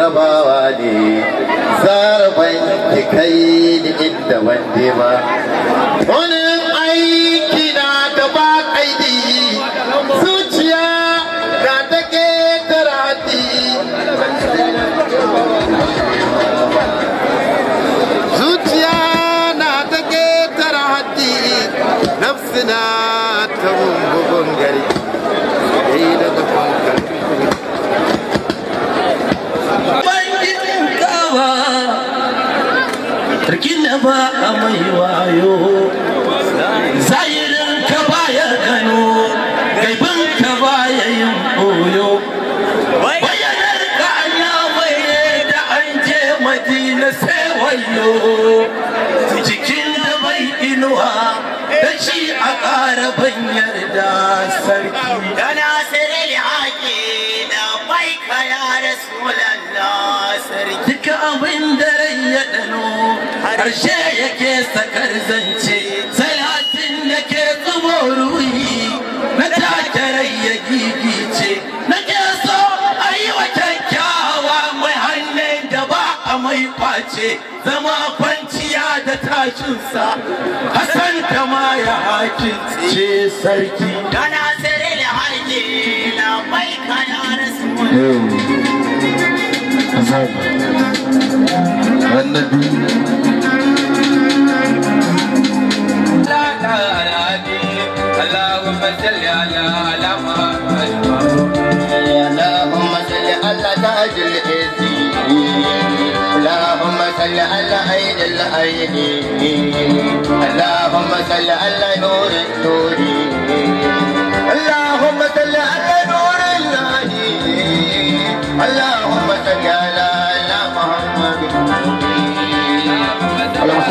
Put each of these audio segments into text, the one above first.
jarabawa ne zaraban ki kai ni inda wande ba da ba a mai wayo zahirin ka baya gano gaibin ka baya yin boyo bayanar ka an ya maye da an je madina sai wayo jikin da bai inuwa da shi a ƙara ban yarda sarki abin da rai ya ɗano, harshe yake sakar zance salatin nake tsumo ruhi na take rai ya gigice nake so a yi wa kyakkyawa mai hannun da ba a mai kwace zama kwanciya da tashinsa hasan kama ya hakin ce sarki da nasirin haƙi na mai kana rasu صل على عين العين اللهم صل على نور النور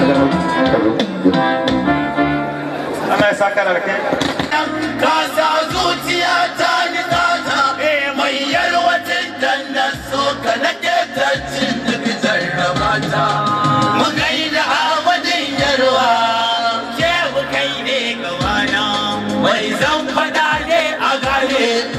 Allah ya kai ka sa zuciya ta ni ta eh mai yalwatin dan nan so ka nake ta cin da bizar eh rabata mu gaida Ahmadin yarwa ke mu kai ne gawana mai zan fada ne a gare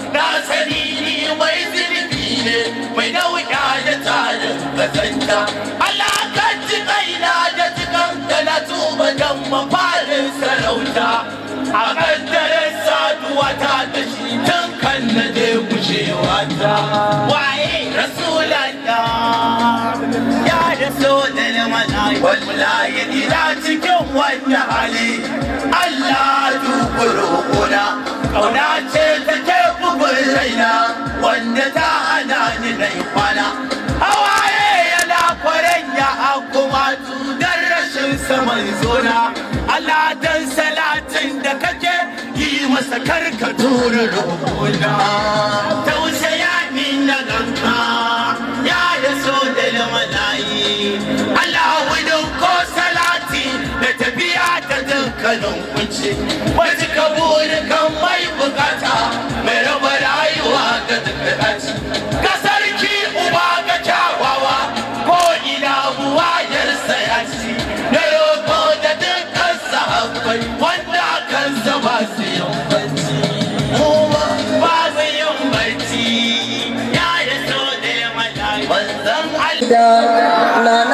kaina Allah ji kaina da cikan da na tuba dan mafarin sarauta a kaddarar saduwa ta da shi dan kan na je gujewa ta waye rasulallah ya rasulul malai wal mulai ila cikin wanda hali Allah duburo kuna kauna ce take bugun raina wanda ta hana ni nai kwana saman zona Allah dan salatin da kake yi masa karka tura roƙona tausaya ni na ganka ya da so da lamalayi Allah wadon ko salati da tafiya ta dankalin kuce wata kaburi kan mai bukata mai cha na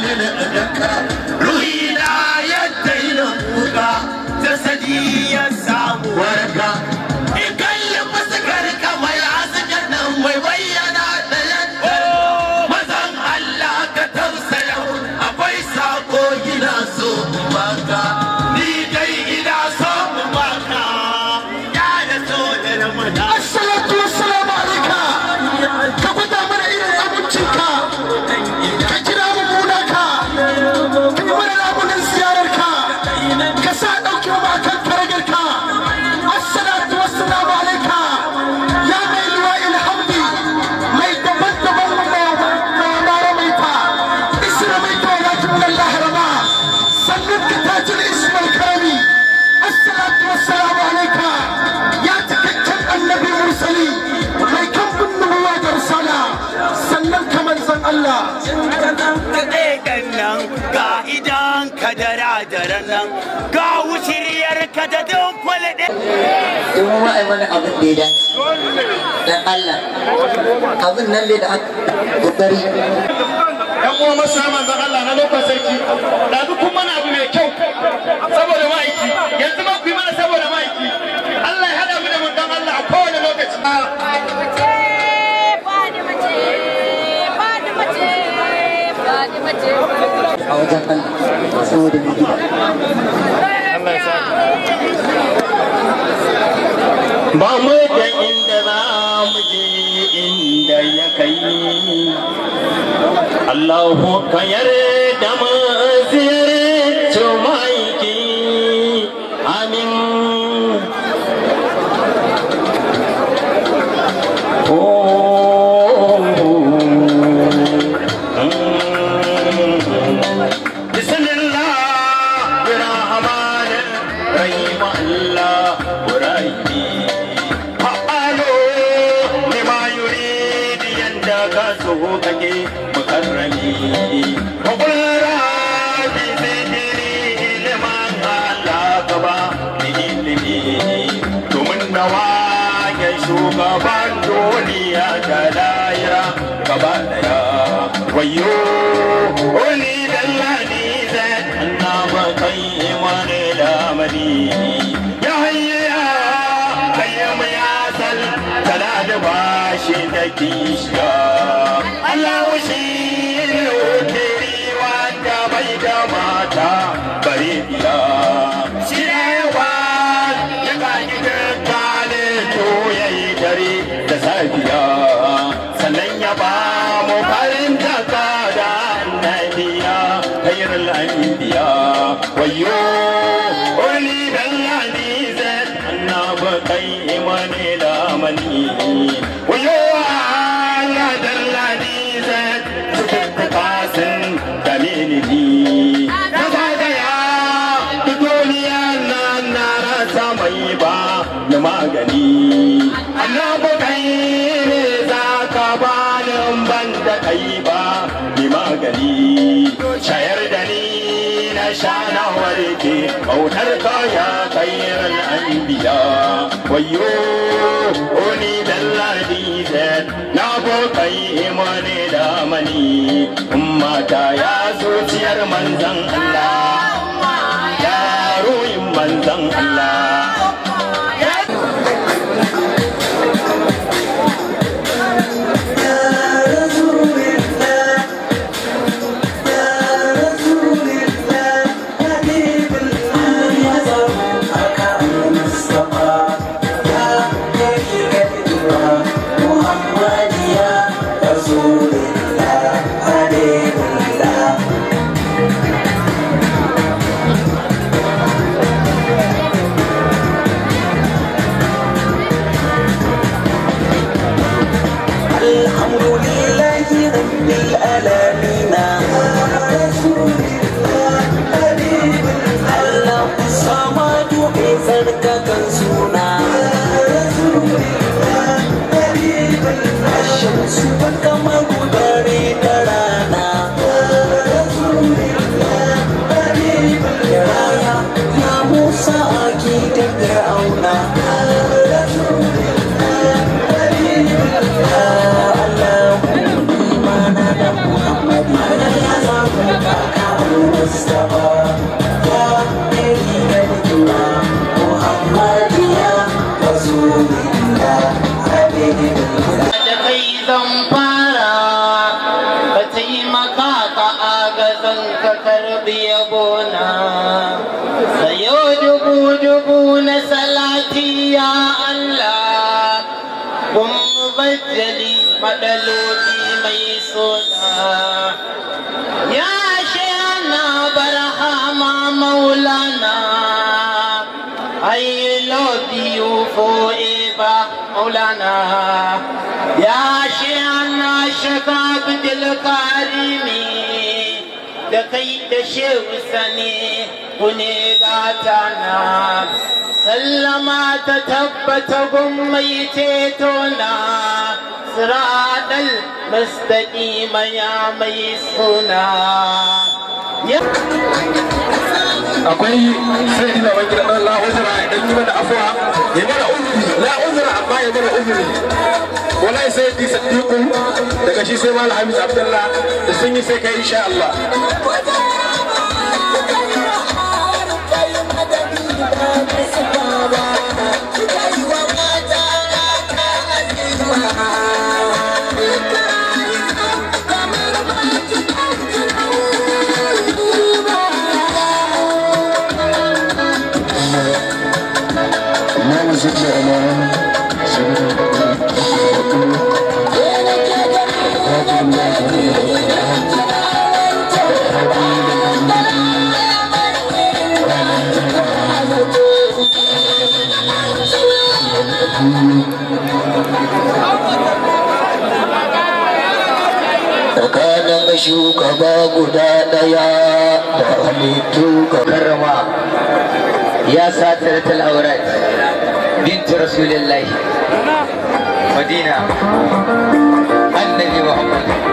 minute in the cup. daren nan ga wuciriyar ka da don kwalade. In mu wani abin da ya Allah. Abin nan ne da aka kokari. Dan uwa masu yaman zan Allah na lokacin sarki. Da duk mana abu mai kyau. Saboda ma'aiki yanzu ma ku yi a ba mu da inda za mu inda ya kai Allahu ka yarda mu shugaban duniya da layira gaba daya wayo wani dallani zai annaba kai imani lamari ya hayya kayyama ya sal tana da bashi da kishiya Allah Yeah. wayo oni dalladi zai na bokai imani da mani mata ya zuciyar manzan Allah ya ruhin manzan Allah Shiv सलमा तय चे थो मस्तकी akwai sai dina wani gida Dan lahuzura idan yi da afuwa ya mana uzuri la uzura amma ya mana uzuri wallahi sai di sadiku daga shi sai malam hamis abdullah da sun yi sai kai insha Allah Thank you. tsakanin shugaba guda ɗaya, da halittu ka karama ya sa tattalin aurat بنت رسول الله مدينة النبي محمد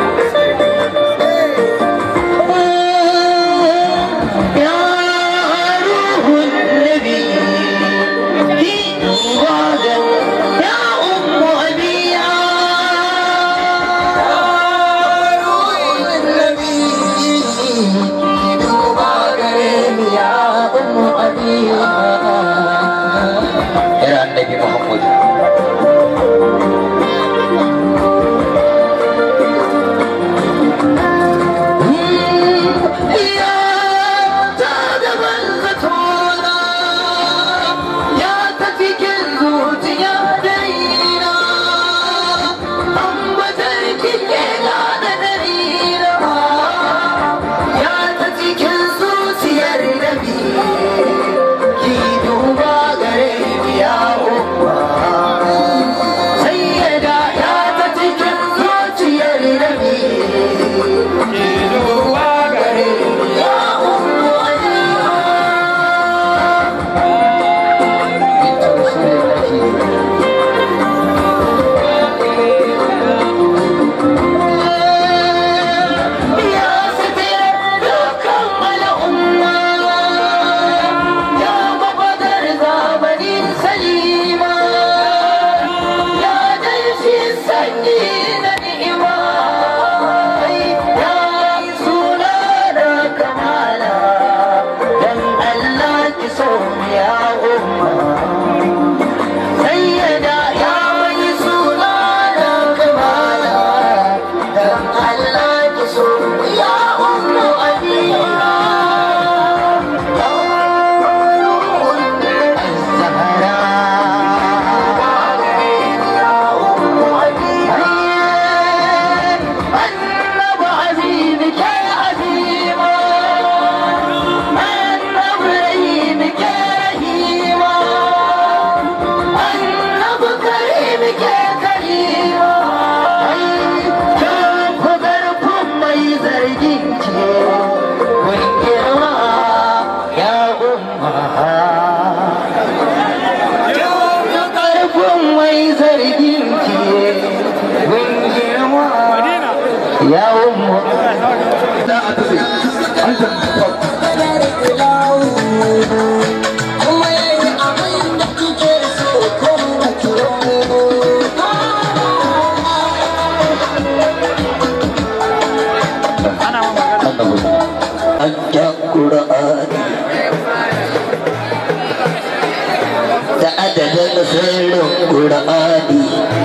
ƙura'ani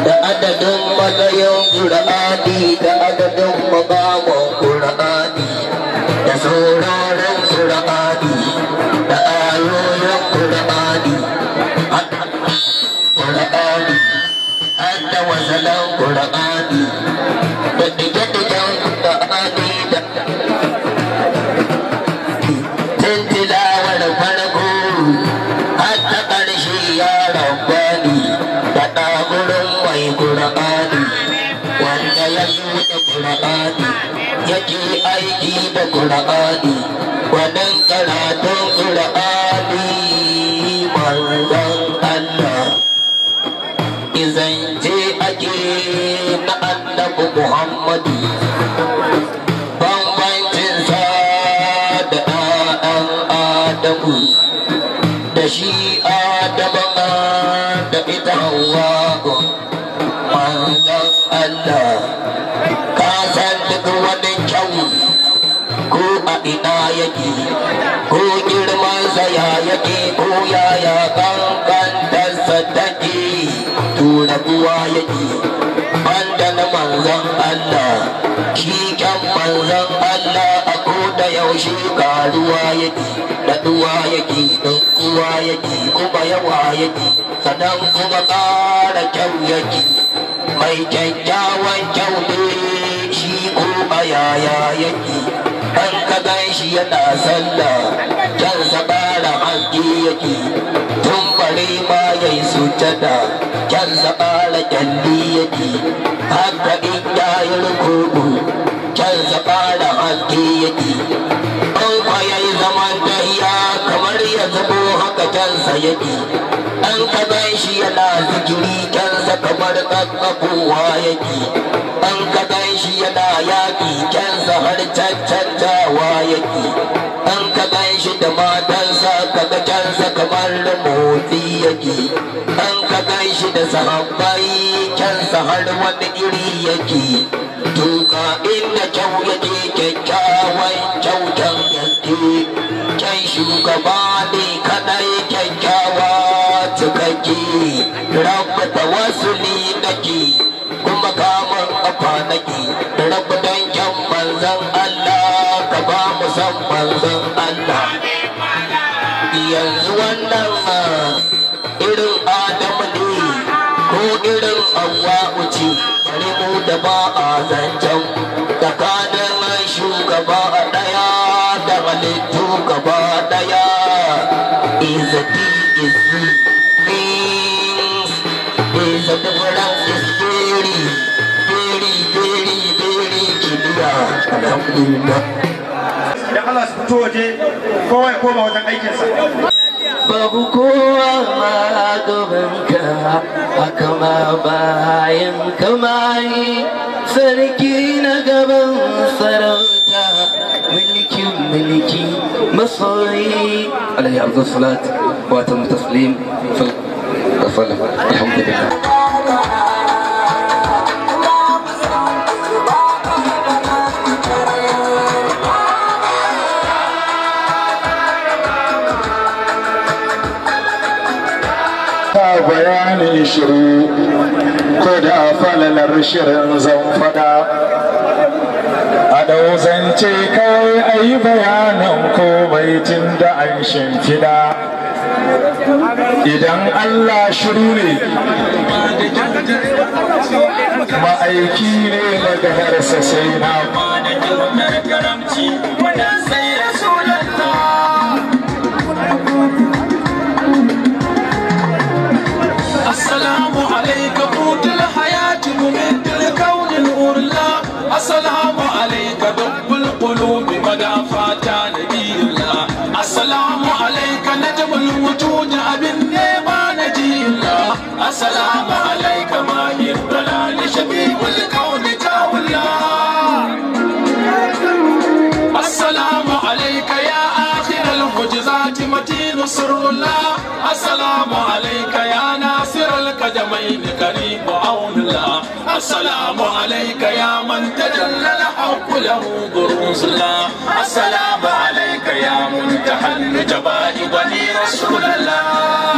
da adadin matsayin ƙura'ani da adadin makamon ƙura'ani da sauraron ƙura'ani da ayoyin ƙura'ani ƙura'ani an da wasalan ƙura'ani da ɗige-ɗigen ƙura'ani ƙura'ani yake aiki da ƙura'ani wannan karatun ƙura'ani manzon Allah je ake na annabi Muhammadu bambancinsa da ɗan Adamu ko girman sa ya yake ko yaya kankantar sa take to rabuwa yake banda na manzon Allah shi kyan manzon Allah a koda yaushe karuwa yake daɗuwa yake don uwa yake kuma yawa yake sannan kuma ƙara kyau yake mai kyakkyawan kyau ne shi kuma yaya yake kan ka gan shi yana sallah jan sabara hanki yake tun bare ma yayi sujada jan sabara kyalli yake haka in yayi rukuku jan sabara hanki yake an kwayayi zaman iya kamar ya kansa yake an ka gan shi yana zikiri kansa kamar kakkakowa yake an ka gan shi yana yaƙi kansa har cancantawa yake an ka gan shi da matansa kaga kansa kamar da motsi yake an ka gan shi da sahabbai kansa har wani iri yake tuka inda kyau yake kyakkyawan kyautan gaske kyan shugaba da rabba tawassuli nake kuma kamun kafa nake rabba dangin manzon Allah ka ba mu san manzon Allah yanzu wannan ah, irin Adamu ne ko irin Hawwa ce mu da ba a zancen tsakanin shugaba ɗaya da halittu gaba ɗaya izati izi alhamdulillah da Allah su fito waje kowa ya koma wajen aikinsa babu kowa ma gabanka haka ma bayan kamari sarki na gaban sarauta mulkin mulki masoyi alayhi abdul salat wa tamu taslim fal الحمد لله bayanin shiru ko da a falalar shirin zan fada a dauzance kawai a yi bayanin komai tun da an shimfida idan allah shiru ne ma'aiki ne daga harsa sai na assalamu alayka dubbul qulubi bada fata nabiyullah assalamu alayka najmul wujud abin ne ba najiyullah assalamu alayka السلام عليك يا من تجلى الحق له برمزنا السلام عليك يا منتهى النجباء ولي رسول الله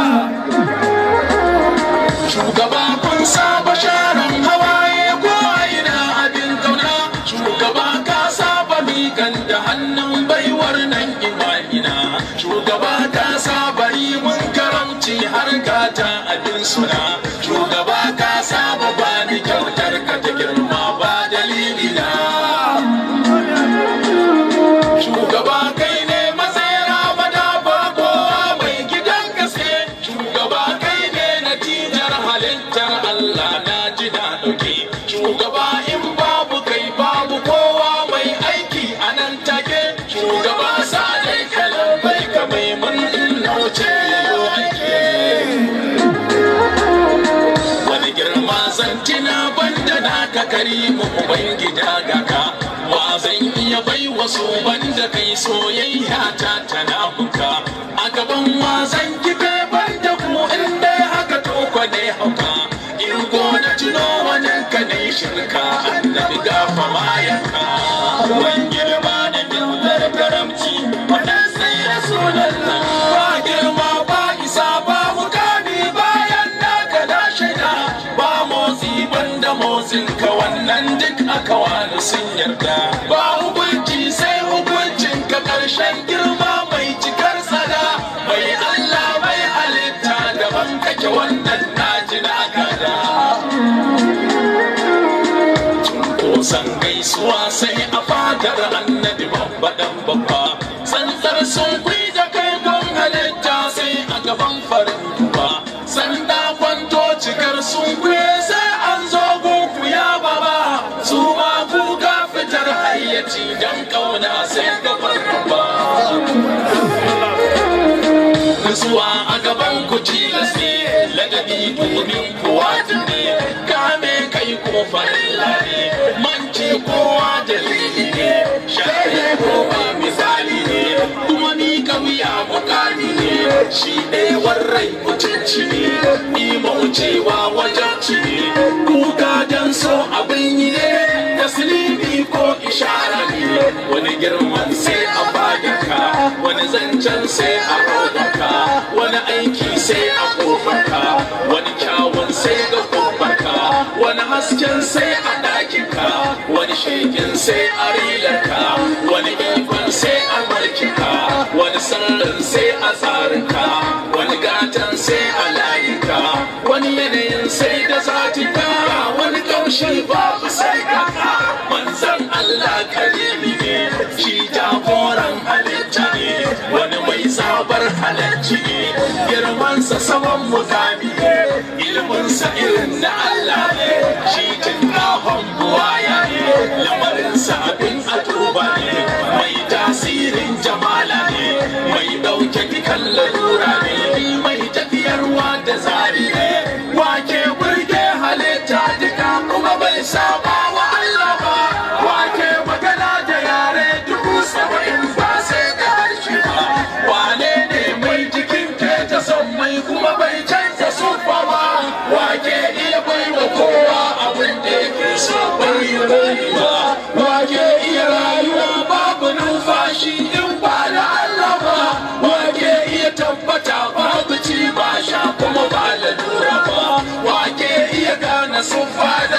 shugaba kun saba sharon hawaye ko aina abin kauna shugaba ka saba mikan da hannun baiwar nan imamina shugaba ka saba yi mun karamci har ta abin suna maso banda kai soyayya ta tana buka a gaban wasan kife bai da ku inda haka to kwane hauka irgo na tuno wani ka ne shirka annabi gafa mayanka ban girma da dillar karamci wannan sai rasulallah motsin ka wannan duk aka wani sun yarda ba hukunci sai hukuncin ka ƙarshen girma mai cikar tsada mai Allah mai halitta daban kake wannan naji na gada. Kusan gaisuwa sai a fadar annabi babba dan babba tsantsar sun da kai don halitta sai a gaban gaisuwa a gaban ku tilasi ladabi domin kuwa tuni kame kai ko farilla ne manci kowa dalili ne shaye ko ba misali ne kuma ni kam ya bukani ne shi ɗewar rai mutunci ne ni maucewa wajen ci ne kuka dan so abin yi ne taslimi ko ishara ne wani girman sai wani zancen sai a robarka wani aiki sai a kofarka wani kyawun sai ga kofarka wani hasken sai a ɗakinka wani shekin sai a rilarka wani ikon sai a markinka wani sallan sai a tsarinka wani gatan sai a layinka wani yanayin sai da zatinka wani kaushe ba halarci ne girmansa saman mukami ne irin na Allah ne shi tunahon buwaya ne lamarinsa abin atuba ne mai tasirin jamala ne mai ɗauke kallon lalura ne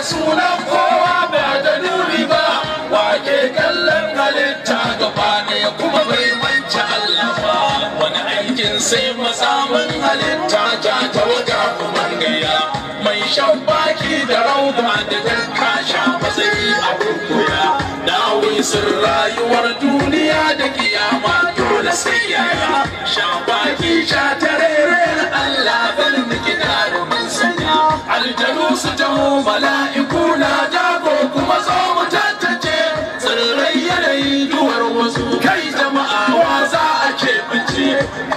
sunan kowa ba da nuni ba wake kallon halitta gaba ɗaya kuma bai manci Allah ba wani aikin sai matsamin halitta ta ta wata kuma gaya mai shan baki da rauba da ta kasha matsayi a kurkuya dawi sun rayuwar duniya da kiyama dole sai yaya shan baki sha ta aljanu su taho mala'iku na dago kuma zo mu tantance tsirrai yanayi duwar wasu kai jama'a wa za a ke bici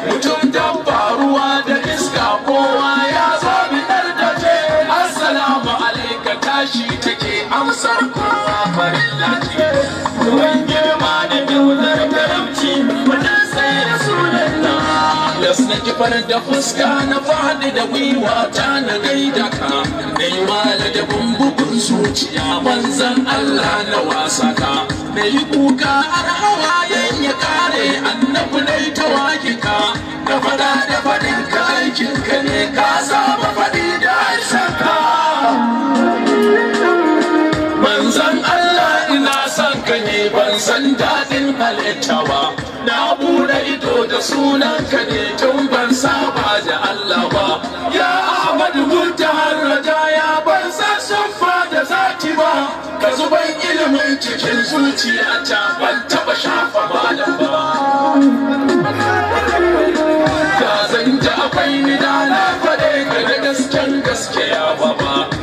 mutum dabba ruwa da iska kowa ya zo bidar da ce assalamu alaika tashi take amsar kowa farin lati kifar da fuska na faɗi da gwiwa ta na gaida ka na yi wala da bumbugun zuciya banzan Allah na wasa ka na yi kuka har hawayen ya kare annabu na ta ka na faɗa da faɗin ka aikin ka ne ka saba sunan ne tun ban saba da Allah ba ya Ahmadu Muntahar Raja ya ban san suffa da zaki ba ka zuban ilimin cikin zuciya ta ban taba shafa ba ka zan ji akwai ni na faɗe ka da gasken gaskiya ba ba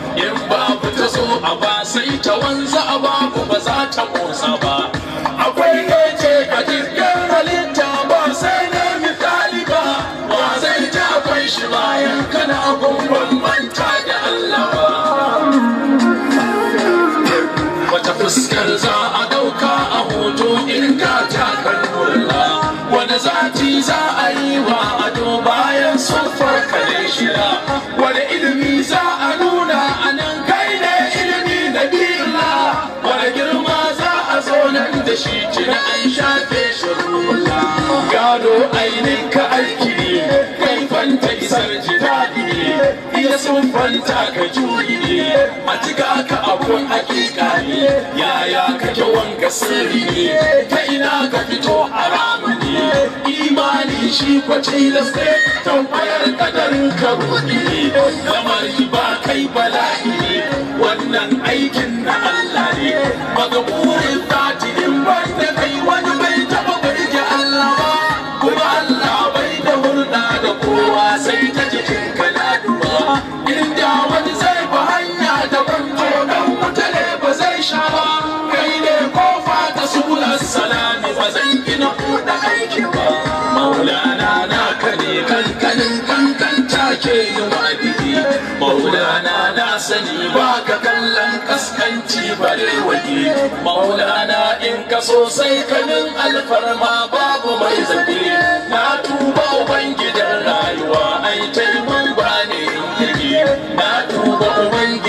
Wanda za a ɗauka a hoto in ka takar murna Wanda zati za a yi wa ado bayan sun farka da shida Wanda ilimi za a nuna a nan kai ne ilimi na bila Wanda girma za a zo nan da shi tuna sun kwanta ka juyi ne a ka abun hakika ne yaya kake wanka sirri ne ta ina ka fito haramu ne imani shi kwace da sai tambayar kadarin ka rudi ne kamar ba kai bala'i ne wannan aikin na Allah ne magaburin tatinin ban da kai maulana in ka sosai kanin alfarma babu mai zabi na tuba ubangidan rayuwa ai taimun ba ne na tuba ubangidan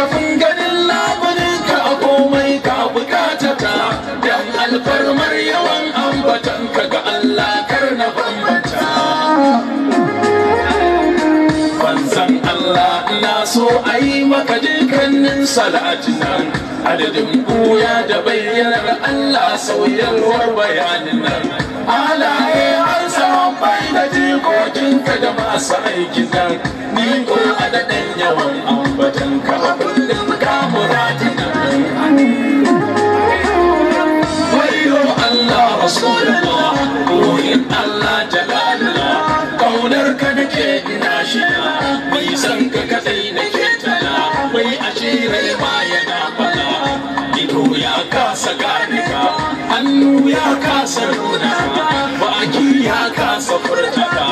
shafin ganin labarin ka a komai ka bukata ta dan alfarmar yawan ambatan ka ga Allah kar na bambanta Banzan Allah na so a yi maka dukkanin nan, adadin buya da bayyanar Allah sauyarwar bayanin nan bai da jikokinka da masu aiki nan ni ko a daɗin yawan ambatan ka a kullum ka murati na wayo Allah Rasulullah koyin Allah jalalullah kaunar ka da ke ina shida mai san ka kadai na ke tana mai ashirai bayana kasa gane hannu ya kasa runaka baki ya kasa furta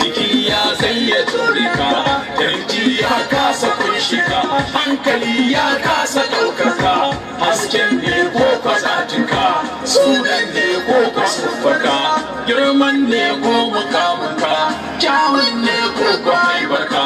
jiki ya zayya turika ka kirji ya kasa kunshika hankali ya kasa ɗaukaka hasken ne ko kwazatinka sunan ne ko kwasuffaka girman ne ko mukamuka kyawun ne ko kwaibarka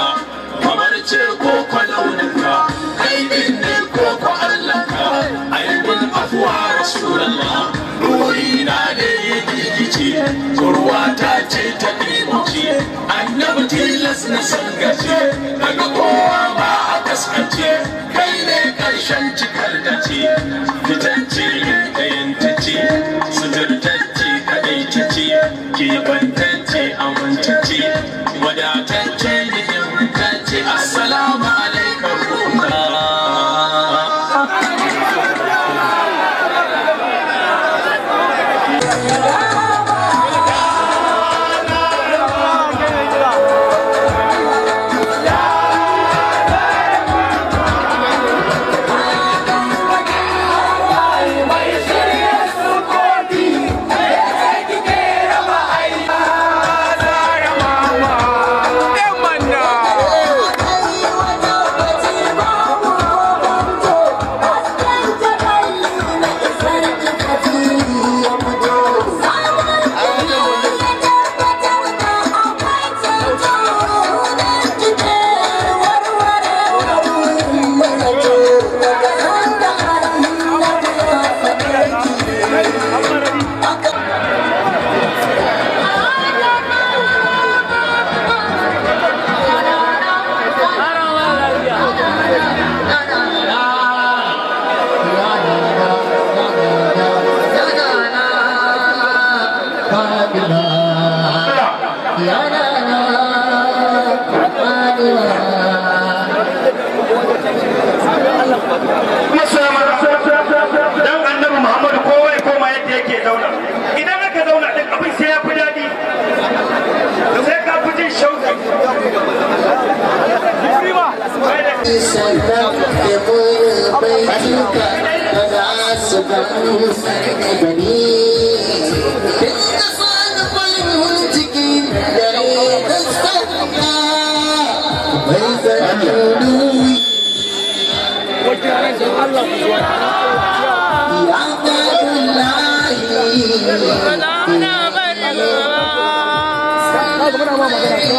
rasulallah ruhi na ne ya gigice kurwa ta ce ta ɗibuce annabi tilas na sangace daga kowa ba a kaskance kai ne ƙarshen cikar da ce fitance ne ɗayan ta ce suturtacce kaɗai ta ce kebanta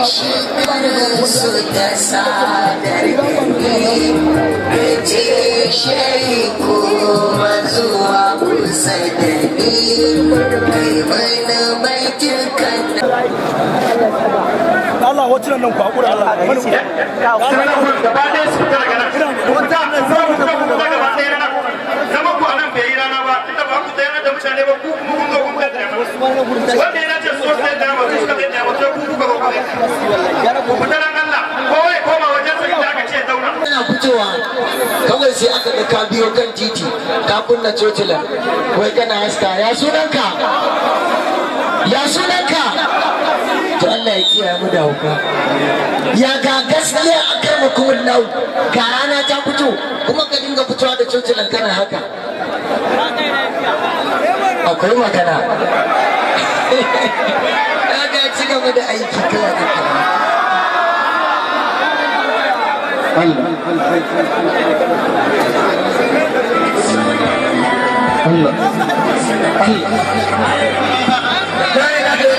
su da sadar da shayi kusa da Allah hotunan nan ku Allah. nan. yana fitowa kawai sai aka ga ka biyo kan titi ka kunna cocilan wai kana haska ya sunanka ya sunanka to Allah ya kiyaye mu da hauka ya ga gaskiya a nau rana ta fito kuma ka dinga fitowa da cocilan kana haka akwai magana kaga ci gaba da aiki kala Allah Allah Allah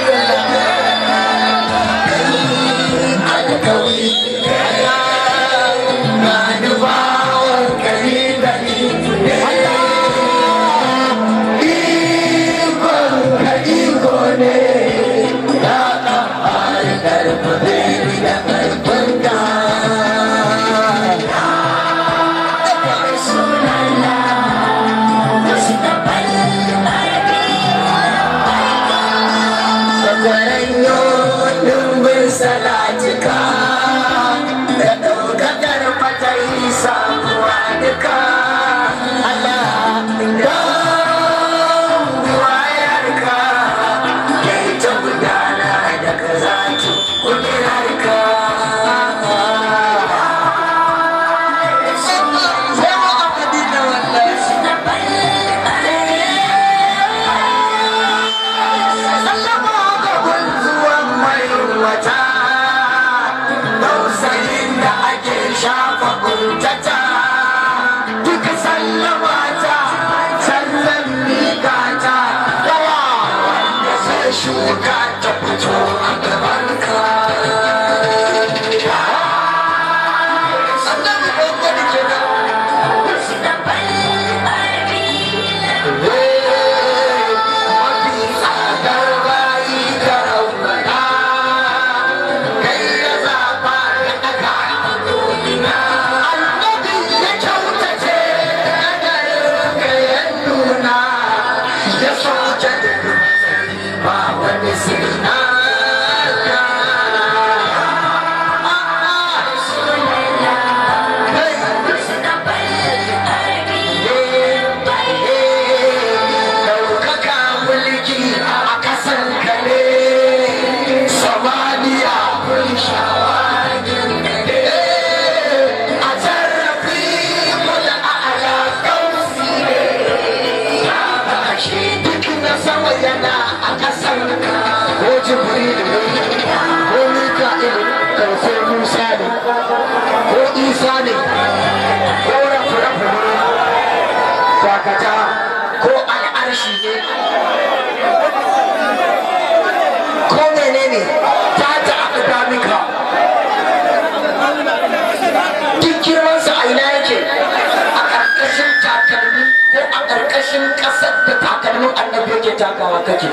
cikin ƙasar da takalmin annabi yake takawa kake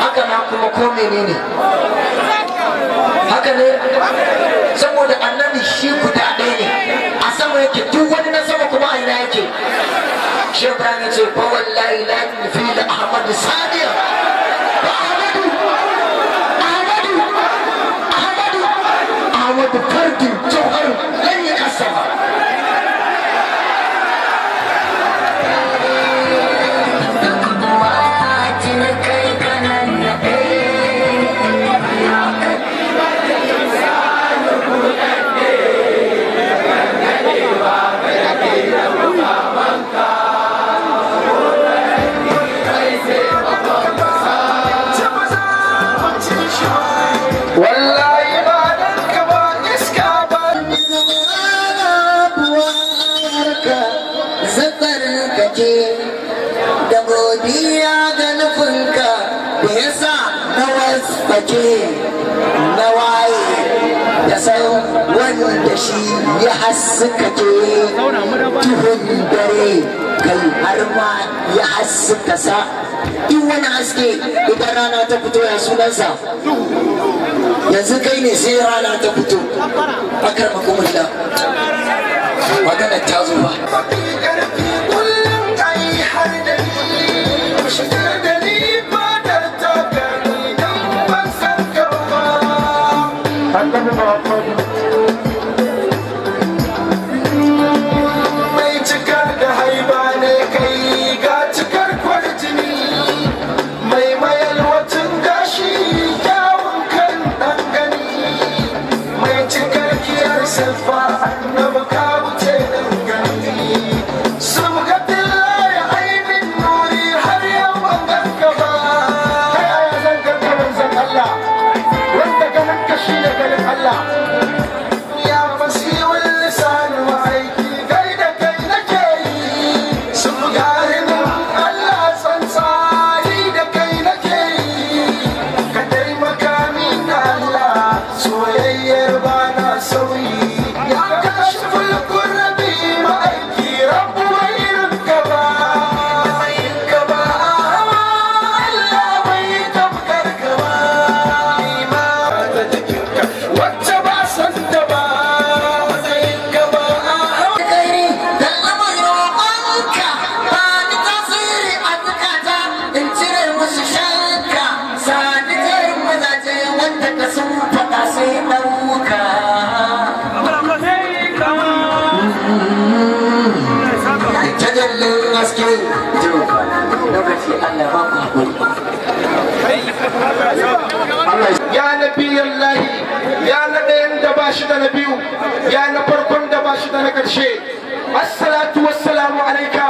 haka na kuma ko menene haka ne saboda annabi shi guda ɗaya ne a sama yake duk wani na sama kuma a ina yake shi ibrahim ya ce fa wallahi la fi da ahmad sadiya ahmadu ahmadu ahmadu ahmadu fardin jawhar lan yakasa sake na waye ya san wanda shi ya haskake tuhun dare kai har ma ya haskaka sa in wani haske idan rana ta fito ya sunansa yanzu kai ne sai rana ta fito bakar makamullah magana ta zo ba. Kullum kai har da ni, shigar da Kendimi bağladım. shi biyu ya na farkon da ba shi da na ƙarshe assalatu wassalamu alaika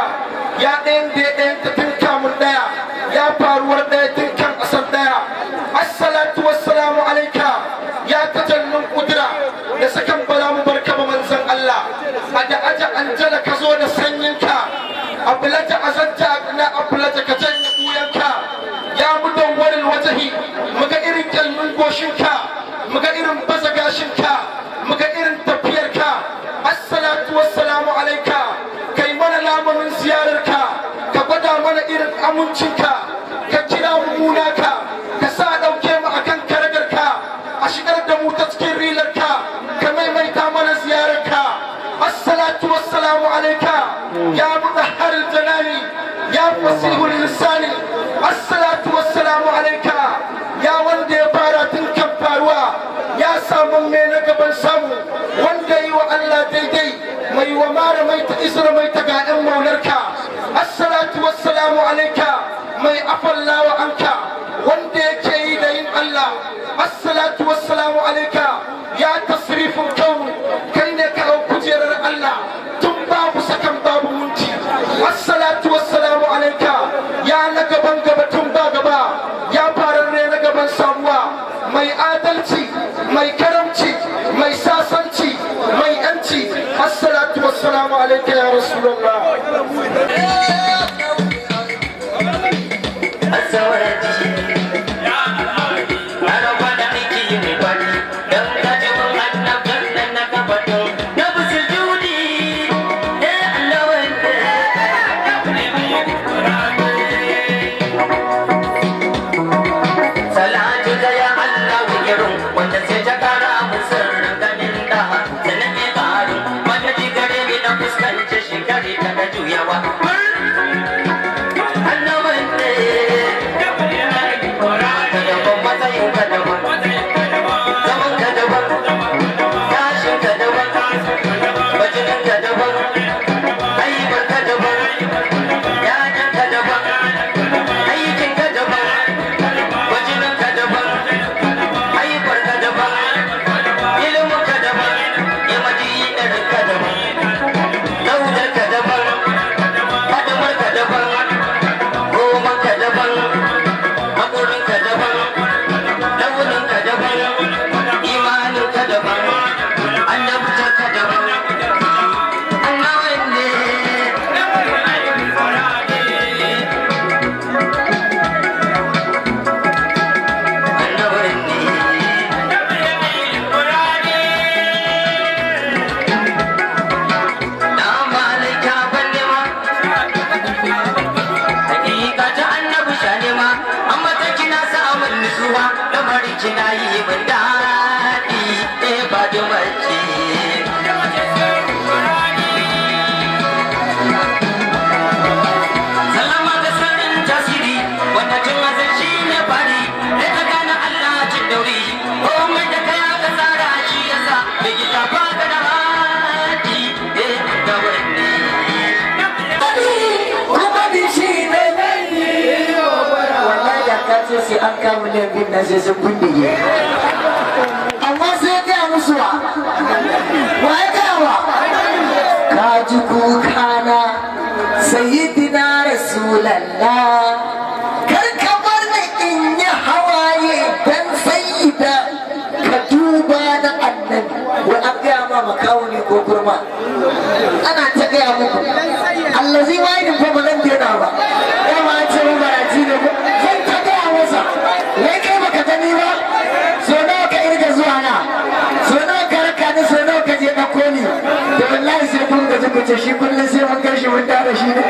ya ɗayan da ya tun kamun ɗaya ya faruwar ɗaya tun kan ƙasar ɗaya assalatu wassalamu alaika ya ta jannin ƙudura da sakan bala mu barka ba manzan Allah a da aja anjala ka zo da sanyinka a bulata azanta na a bulata ka janye ɓuyanka ya mu dawwarin wajahi mu ga irin kyallun goshinka mu ga irin baza ka. zumuncinka ka kira mummuna ka ka sa ɗauke mu akan karagarka a shigar da mu ta cikin rilarka ka maimaita mana ziyararka assalatu wassalamu alaika ya mutahhar jalali ya fasihu afalla anka wanda yake yi da yin Allah assalatu wassalamu alaika ya tasrifin kaun kai ne ka ɗau kujerar Allah tun babu sakan babu munci assalatu wassalamu alaika ya na gaban gaba tun ba gaba ya fararre na gaban samuwa mai adalci mai karamci mai sasanci mai yanci assalatu wassalamu alaika ya rasulullah miliyan biyu nan sai sun bindige amma sai ya gaya musu wa wa ya gaya wa ka ji kukana sayyidina rasulallah kar ka bar ni in yi hawaye dan sayyida ka duba na annabi wa an gaya ma makawo ne ko kurma ana ta gaya muku allazi wa'idin fa ba zan daina ba suka shi kullum sai mun kai shi mun tara shi ne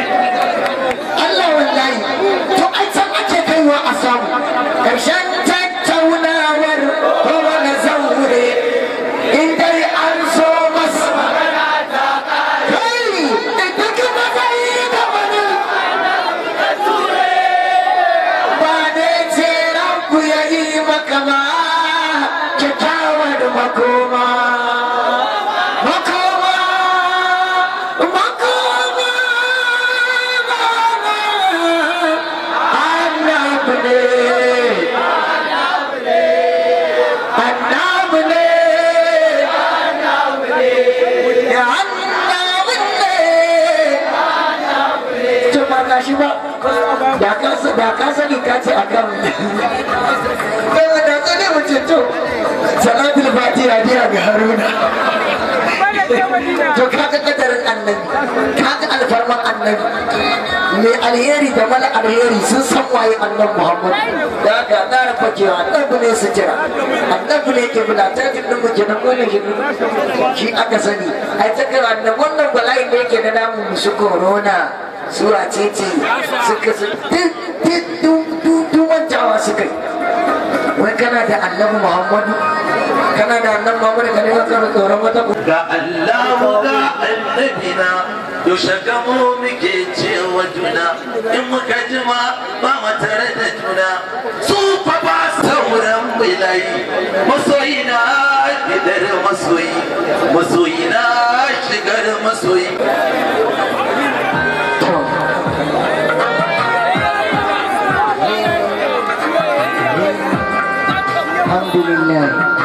da ka sani ka ce a kan da tsane mace to salatul fatiha biya ga haruna to kaga kadarin annabi kaga alfarman annabi mai alheri da mala alheri sun san waye annabi muhammad da ga tsara fakewa annabi ne su jira annabi ne ke bula ta jin dubu ke nan gole shi aka sani ai ta kira annabi wannan bala'in da yake na namu su corona sura ce ce suka su duk dumantawa su kai da muhammadu da muhammadu ka tsoron wata yaushe gamo muke cewa juna in muka jima tare da juna fa ba sauran bilayi masoyina gidar masoyi masoyina shigar masoyi Alhamdulillah.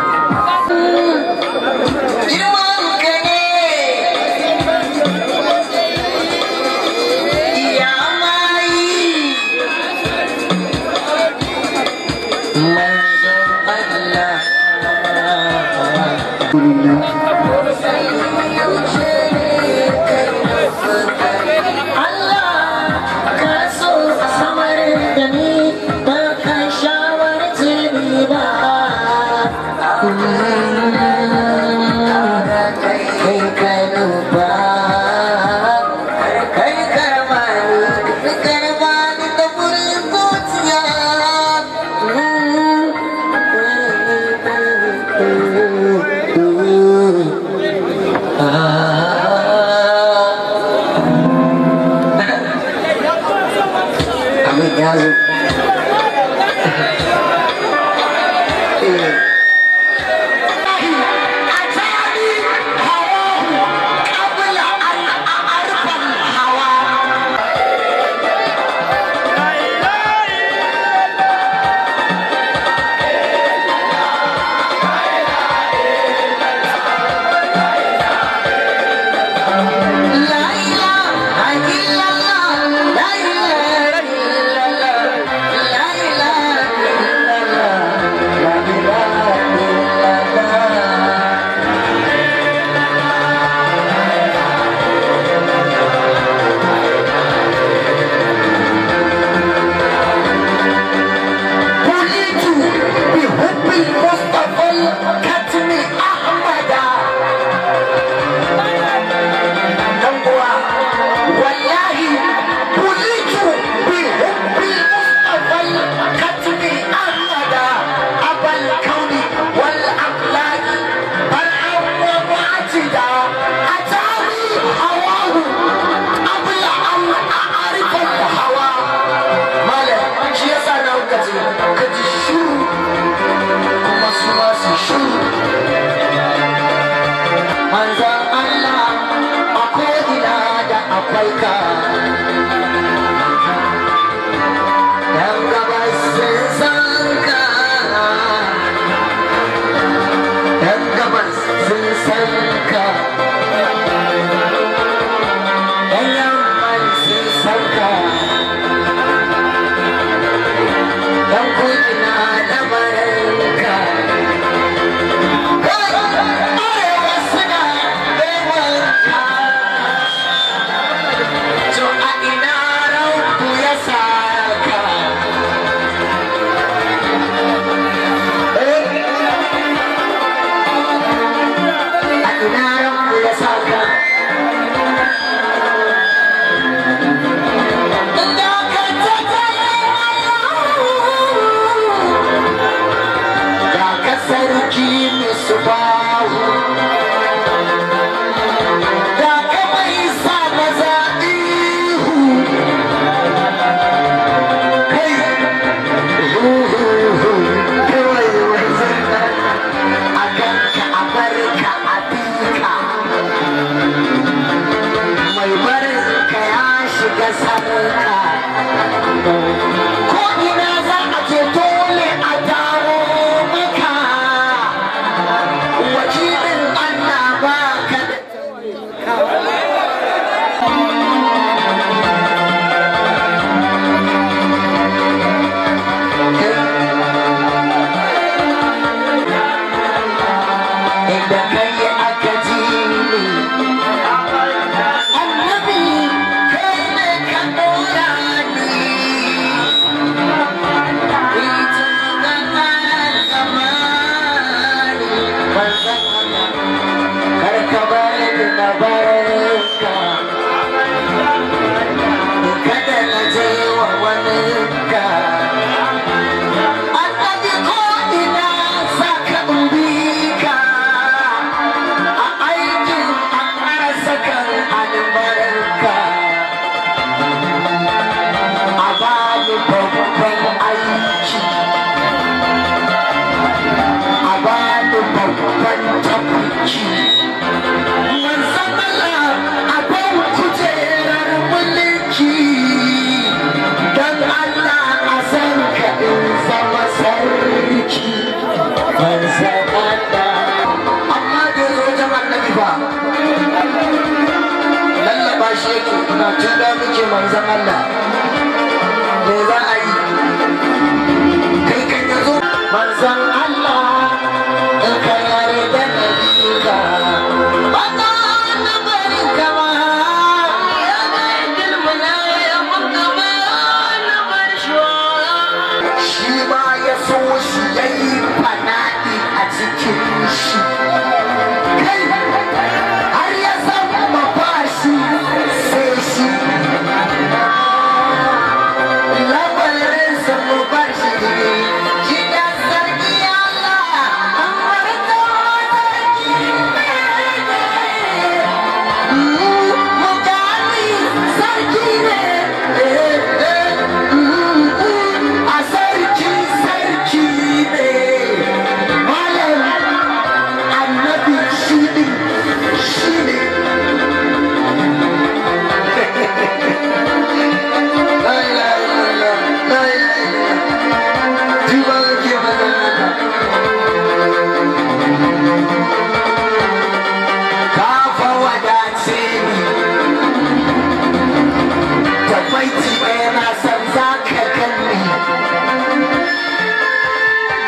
tun da muke manzan Allah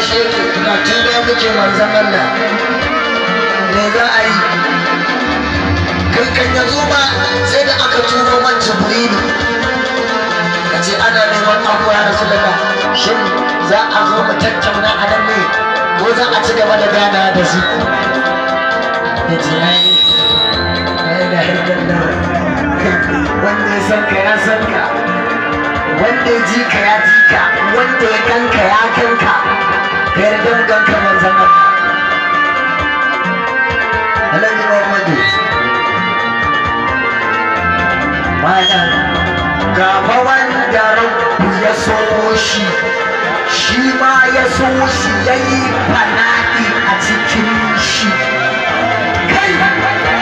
gaishe ku bukatu da muke manzan Allah me za a yi kankan ya zo ba sai da aka turo man jibrilu ka ce ana neman abuwa ya rasu daga shin za a zo mu tattauna a nan ne ko za a ci gaba da gana da su ya ce ya yi da harkar da wanda ya san ka ya san ka wanda ya ji ka ya ji ka wanda ya kanka ya kanka yardan kanka manzan wanda ya so shi shi ma ya so shi ya yi a cikin shi kai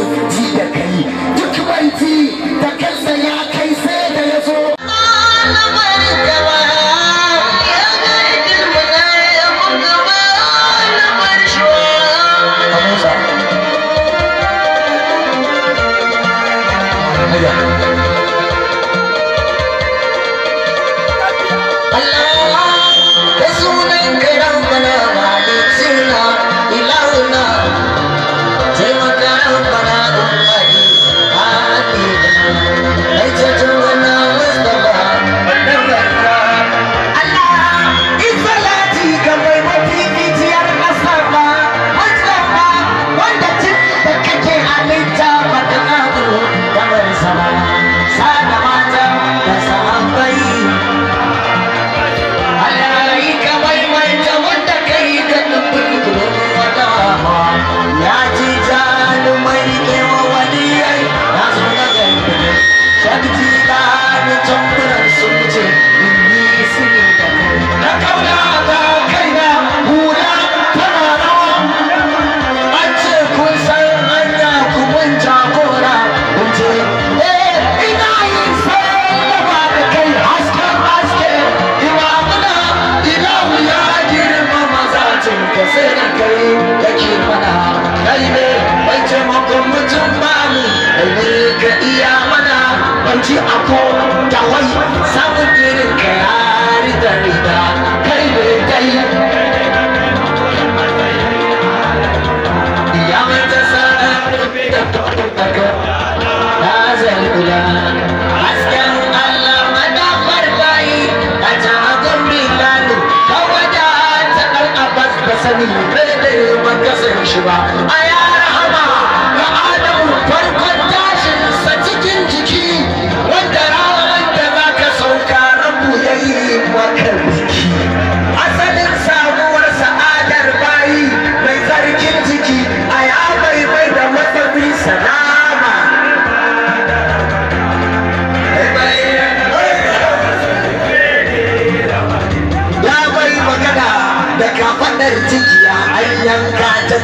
その時ばかり sani bai bai ban kasan shi ba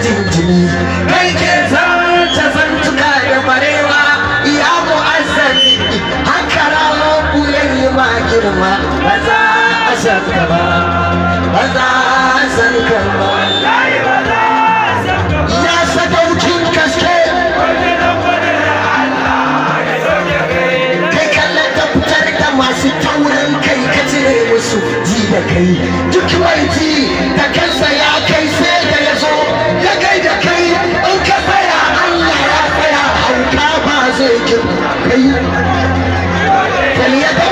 jinjini kai ke zarta zantuka da barewa iya mu asali haka rawo ma girma ba a shanka ba ba a shanka ba da masu taurin kai ka cire musu ji da kai duk mai ji da kai yake kai faliyata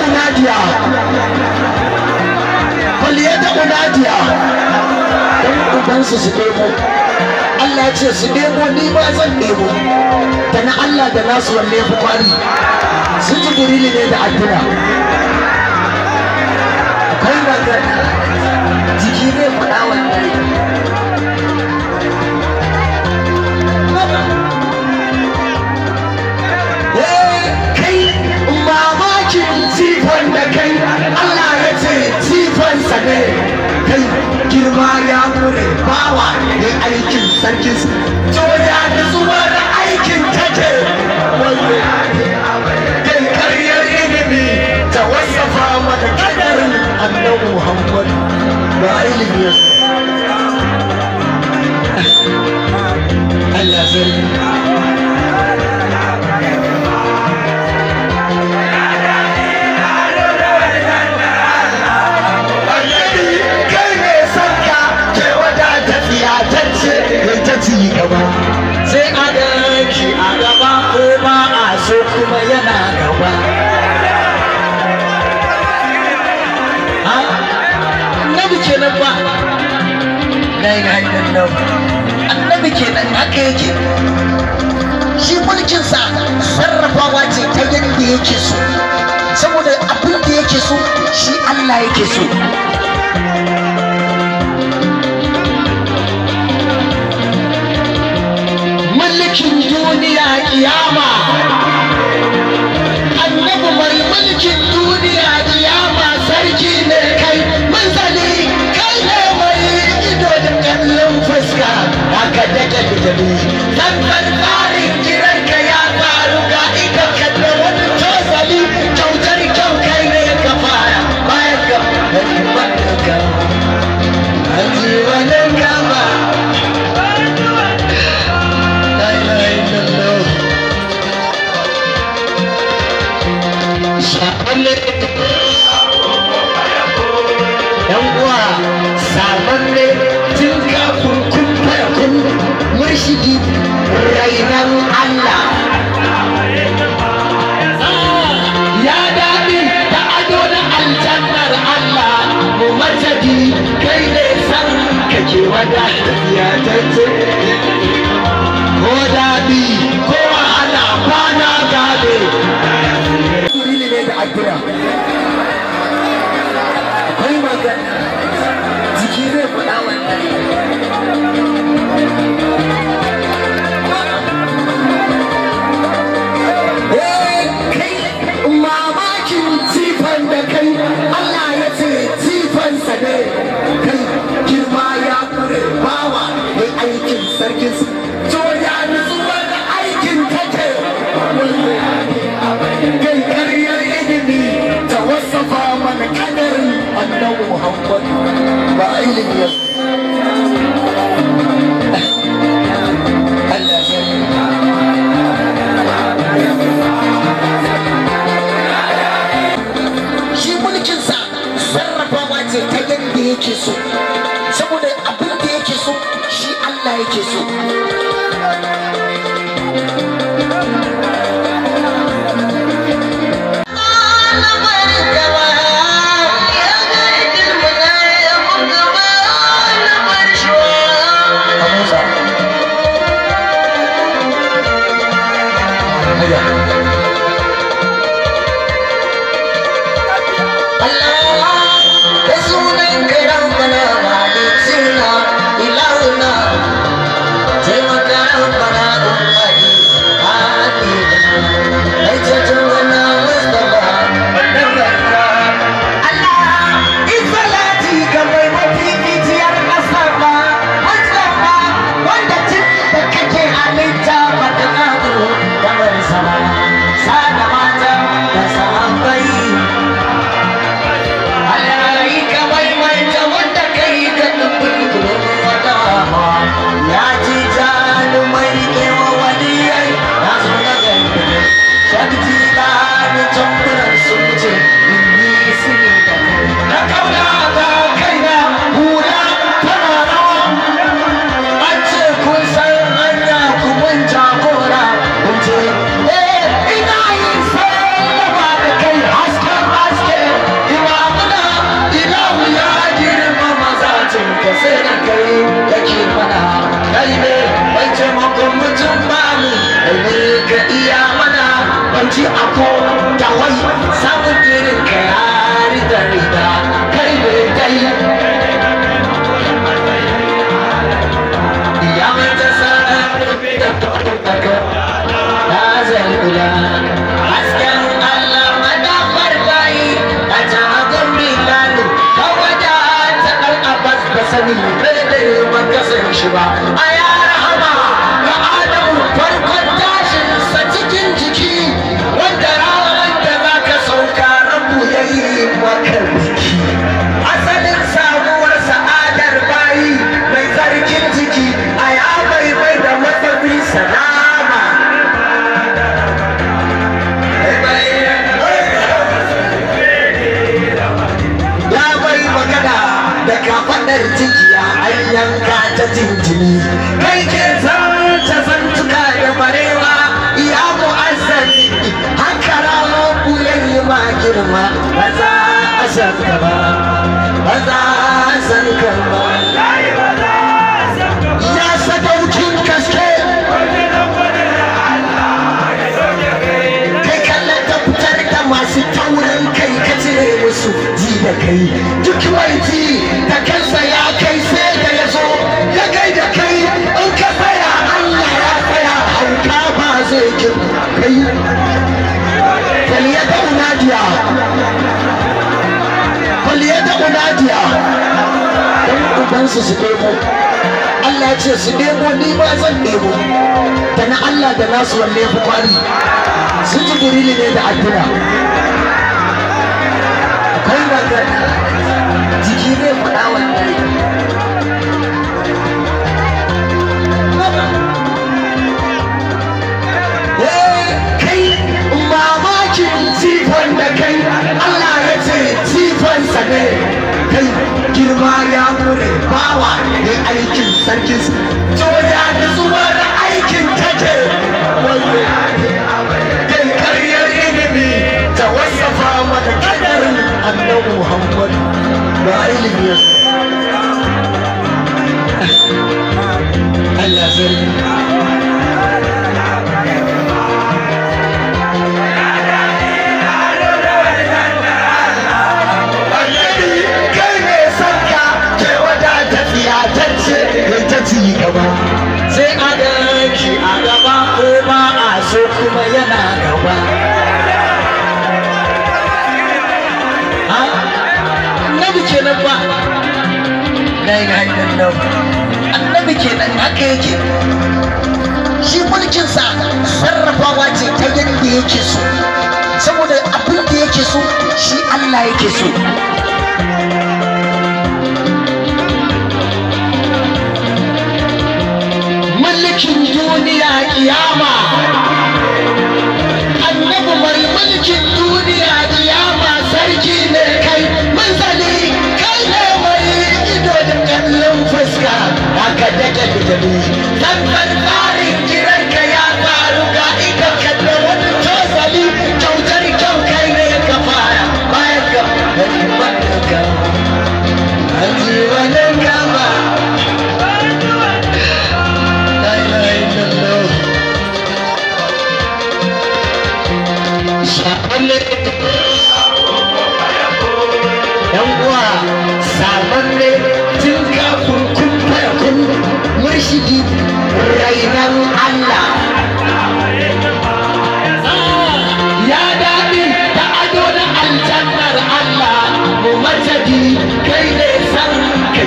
don su Allah ce su debo ni ba zan debo da na Allah da nasu wanne ya fi kwari sun ji girili ne da addu'a akwai ragar jiki zai faɗa wannan sa ne kai girma ya mure bawa ne aikin sarkin su joya da zuwa da aikin take wanda kai karyar ilimi ta wasafa mata kadarin annabi muhammad ba ilimi ya kenan annabi kenan haka yake shi mulkinsa sarrafawa ce ta yadda yake so saboda abin da yake so shi Allah yake so mulkin duniya kiyama annabi mai mulkin duniya kiyama sarki ne kai haka take fitali tabbar ba ki ko daɗi ko ana kwana sunan muhammadu ba ilimi ya mulkinsa ta yake so saboda yake so shi Allah yake so haka yake shi mulkinsa sarrafa wace ta yadda yake so saboda abin da yake so shi Allah yake so mulkin duniya kiyama Thank you.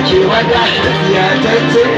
ke wata ya tattara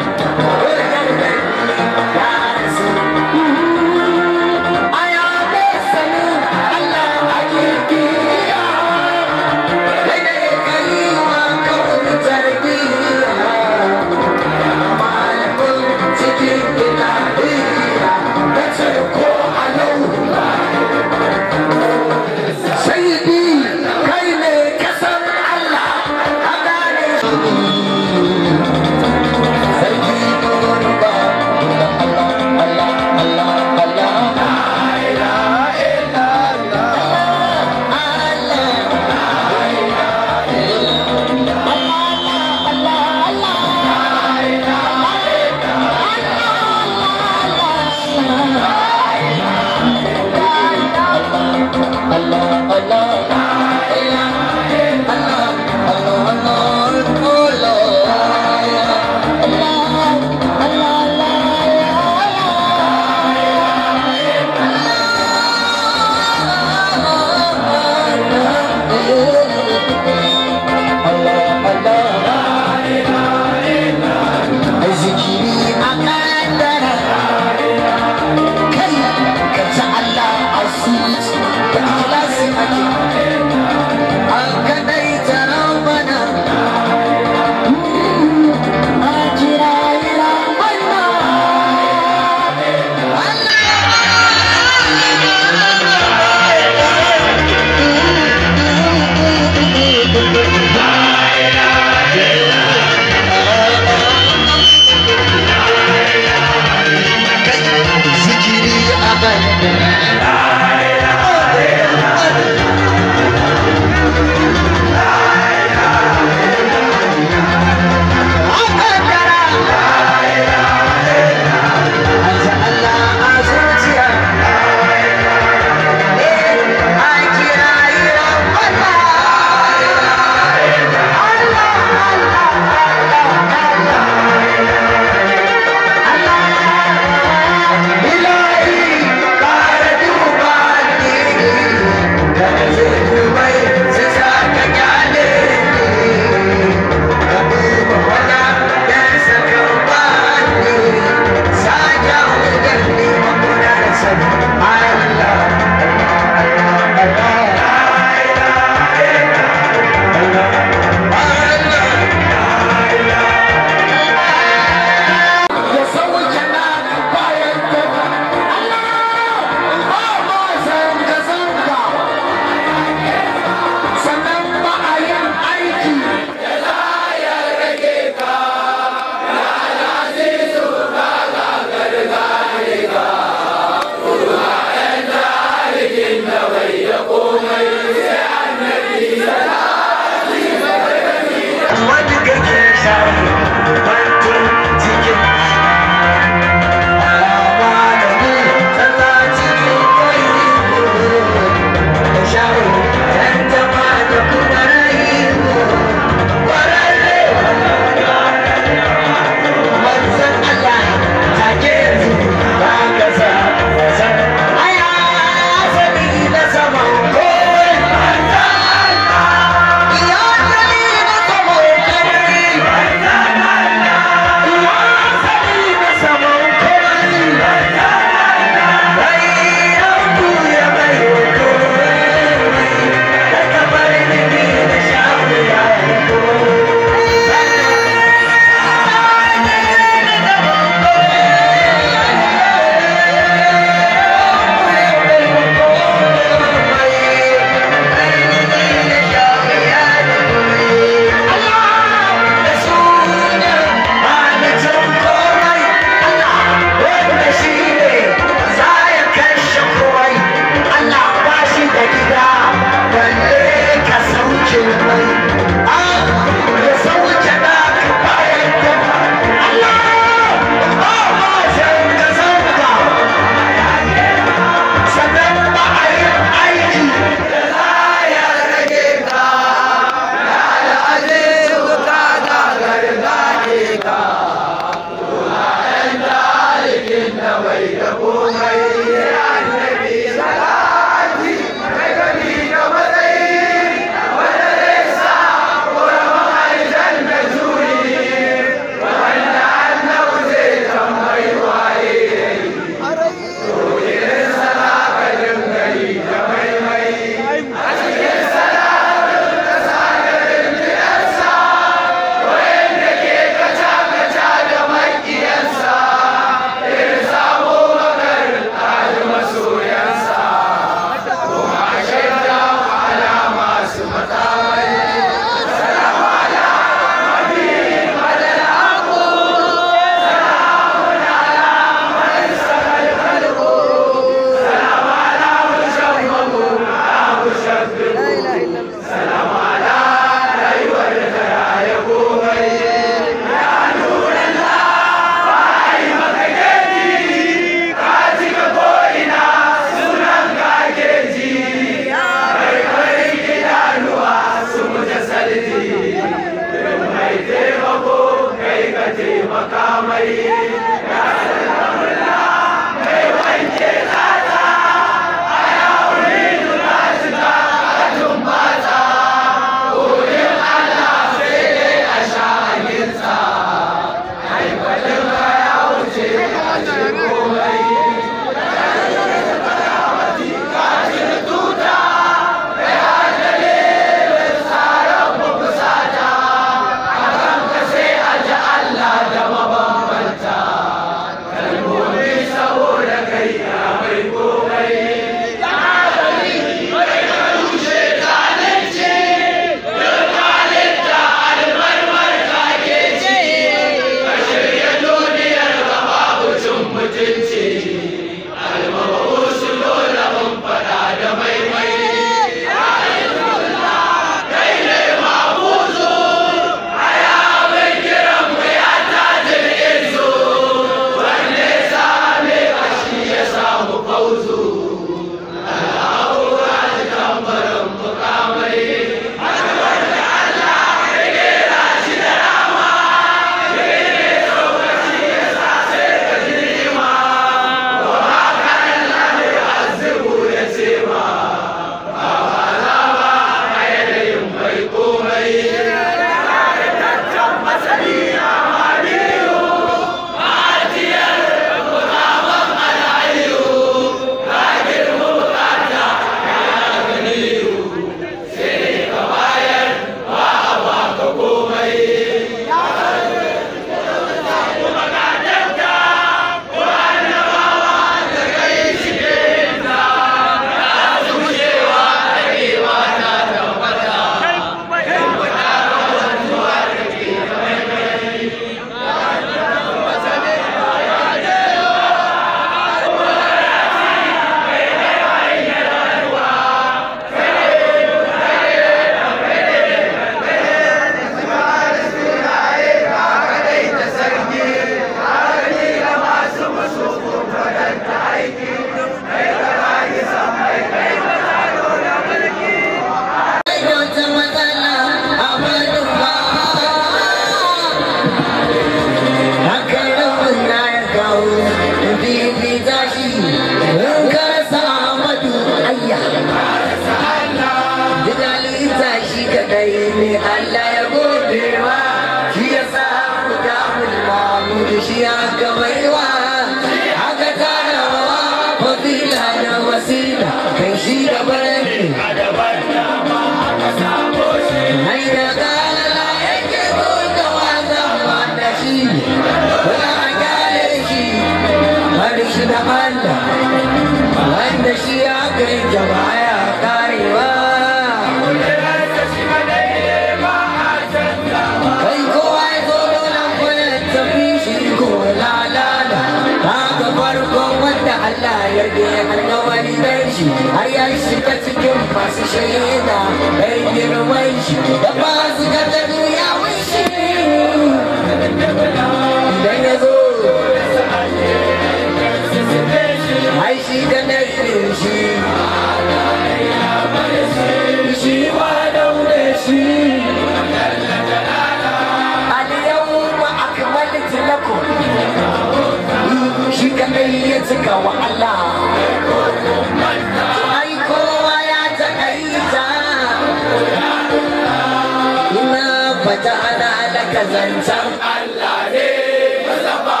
da zancen Allah ne maza ba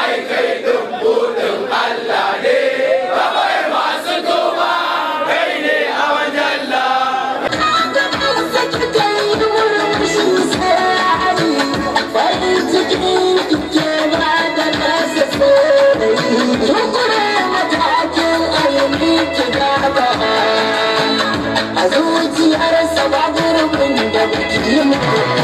ai kai din Allah ne ba bai masu tuba kai ne a wajen la farin cikin ke ba da nasa tsorayi Thank you.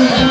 Thank you.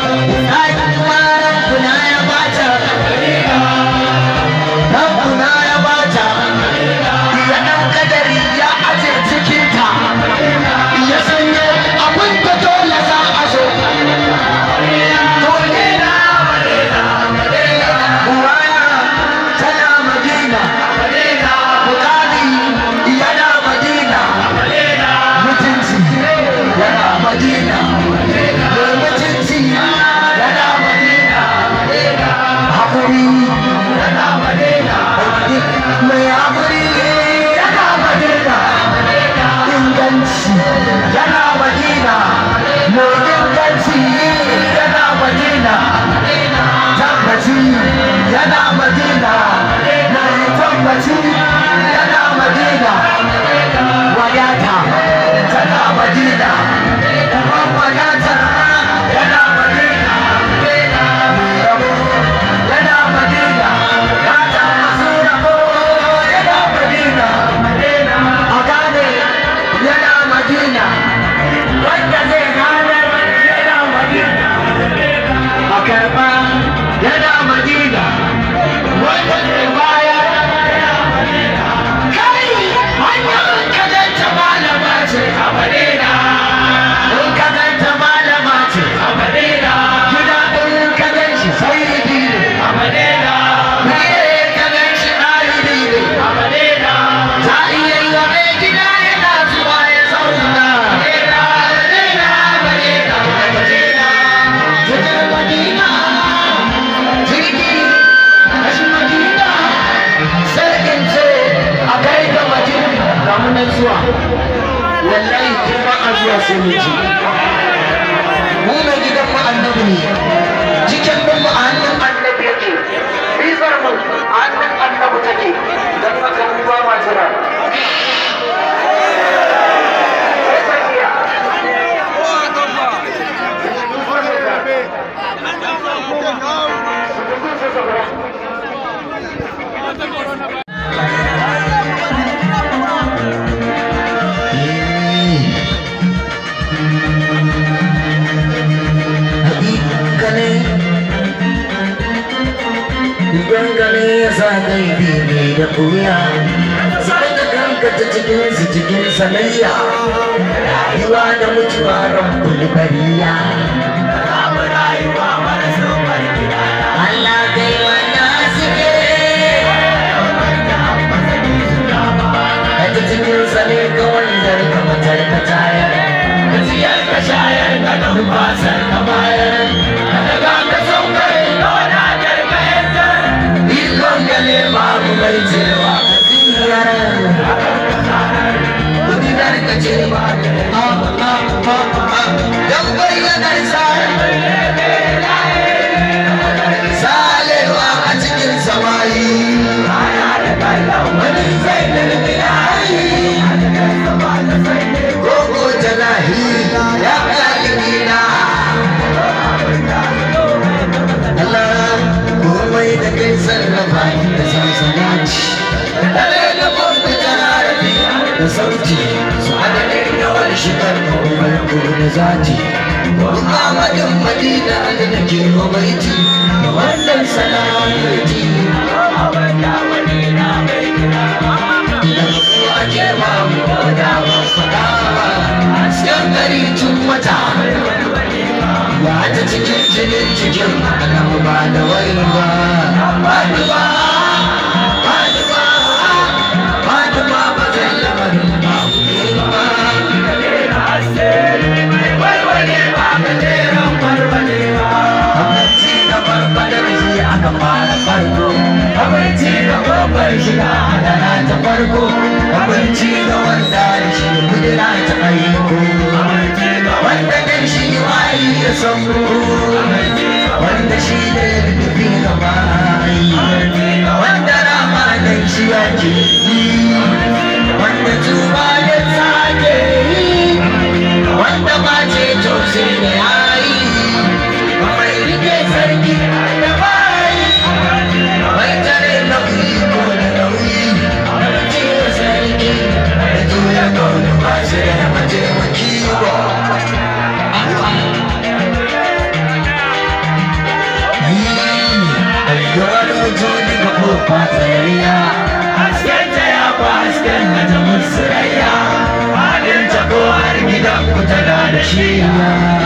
去呀。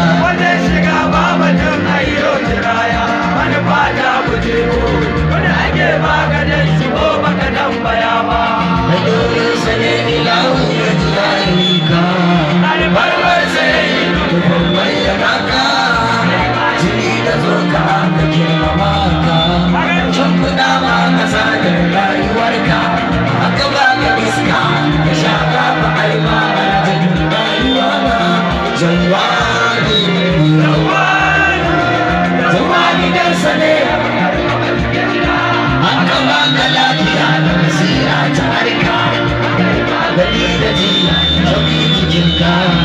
你的依赖，你于抵达。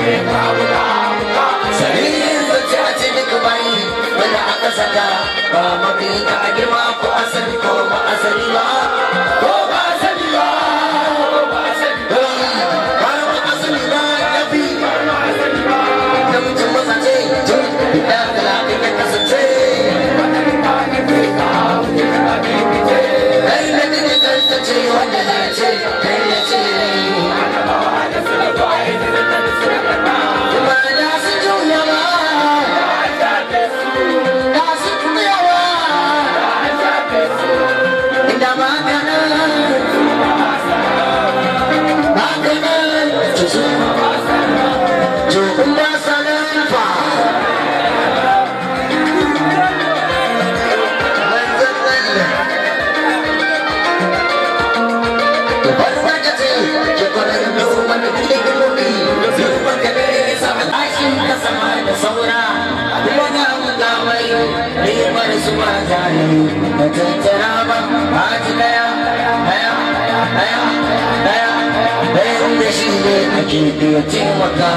ka buga buga shari'in zuciya ce duk bari aka saka ba mafi ka girma ko asali ko ba asali ba ma zalimi da tattara ba ba ji daya daya na daya daya da shi ne ake iya aiki ba kai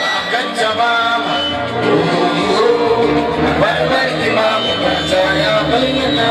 ba kan ya bayyana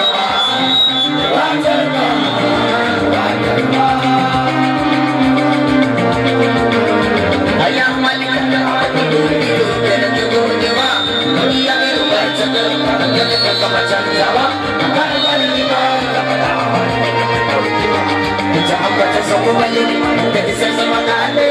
Muhammad Rasulullah, the Disciple of Allah.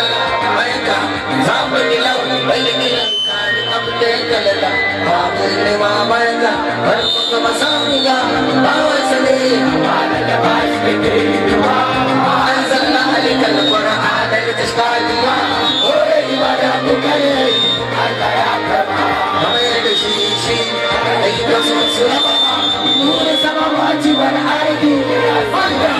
kalle babanta har muka masariya bawan sa ne da ba shi an zanna alikal qur'ana da tashkaliya ore ibada ku kare A ya karba mai da shi sun aiki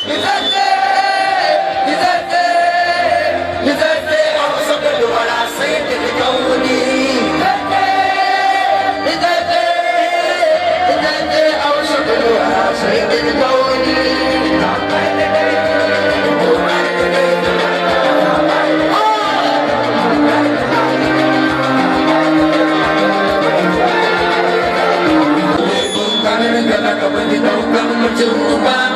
to move on.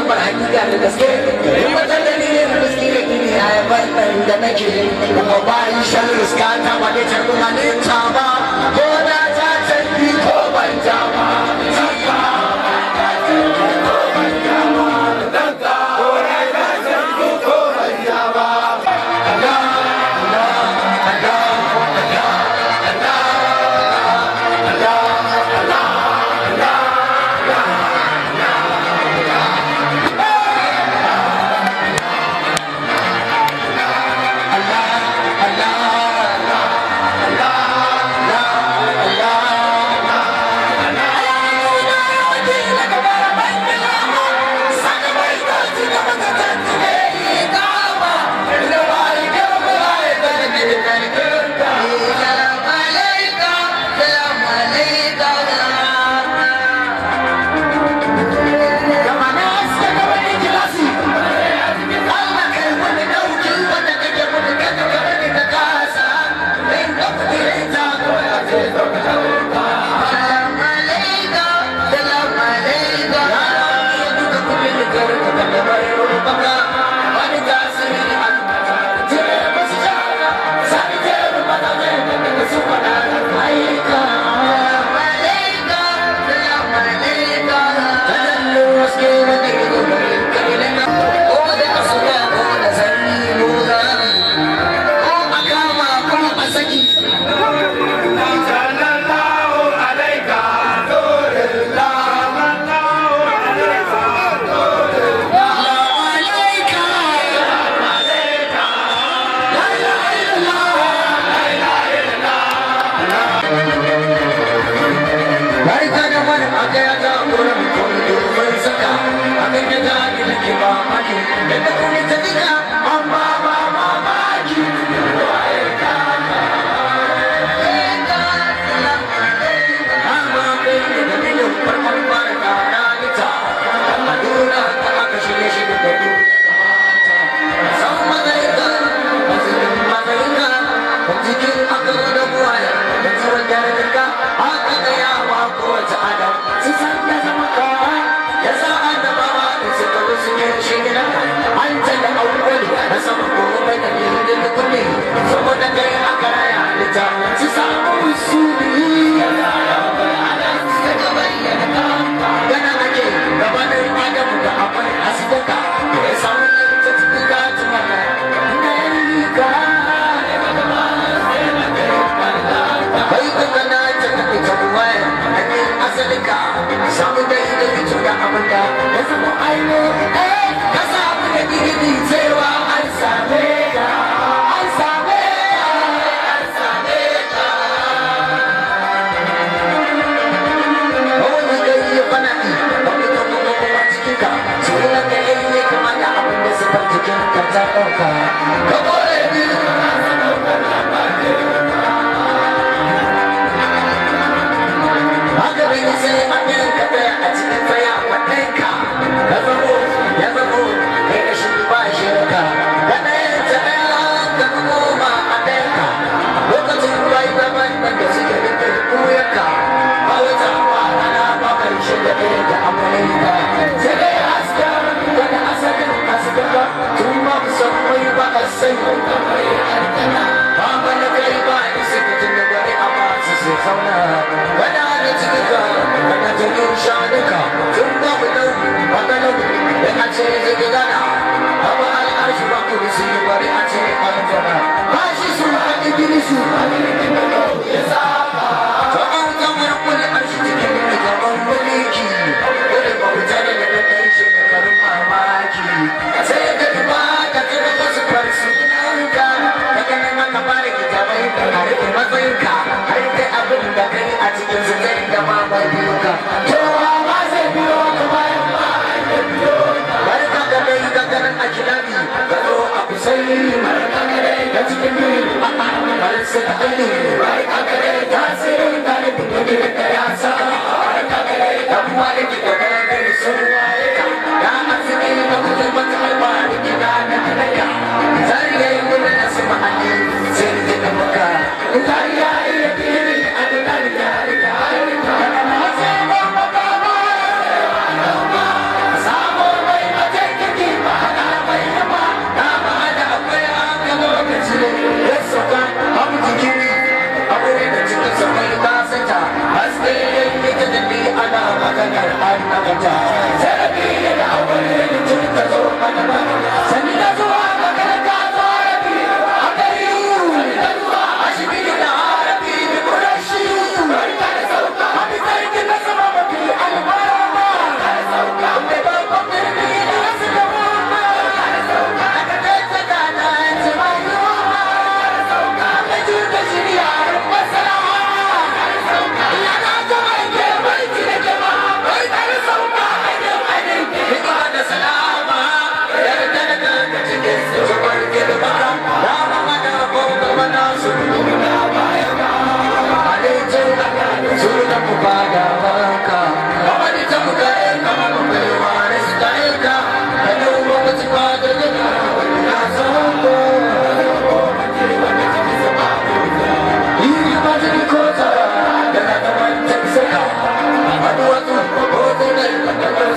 raba hanyar da gaske wata dalilin riski da gini a yabar da nake kuma yi shan riska ta ba da ta ba ko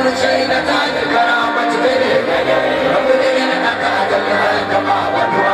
Kamu jangan takut kerana macam ini, kamu jangan takut kerana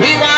We want